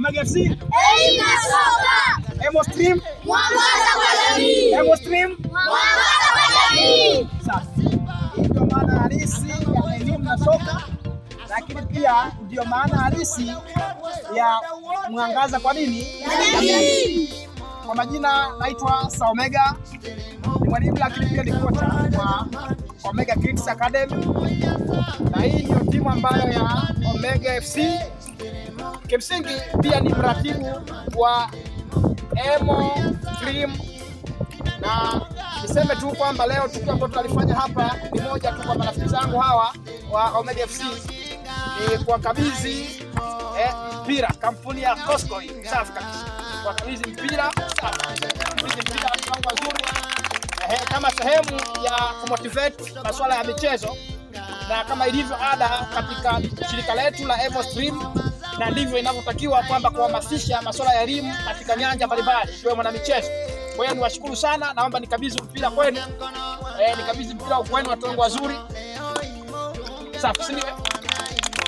Omega FC. Eima soka. Emo Stream. Mwangaza kwa jamii. Emo Stream. Mwangaza kwa jamii. Sasa ndio maana halisi ya elimu na soka, lakini pia ndio maana halisi ya mwangaza kwa nini? Kwa majina naitwa Saomega, ni mwalimu lakini pia ni kocha wa Omega Kids Academy, na hii ndio timu ambayo ya Omega FC Kimsingi pia ni mratibu wa Emo Dream na niseme tu kwamba leo tukio ambalo tunalifanya hapa ni moja tu, kwa marafiki zangu hawa wa Omega FC ni kuwakabidhi eh, mpira kampuni ya Costco Safi kabisa, kuwakabidhi mpira wazuri eh, kama sehemu ya kumotivate masuala ya michezo na kama ilivyo ada katika shirika letu la Emo Stream na ndivyo inavyotakiwa kwamba kuhamasisha masuala ya elimu katika nyanja mbalimbali ikiwemo na michezo. Kwa hiyo niwashukuru sana, naomba nikabidhi mpira kwenu, eh, nikabidhi mpira kwenu watu wangu wazuri. Safi, si ndio?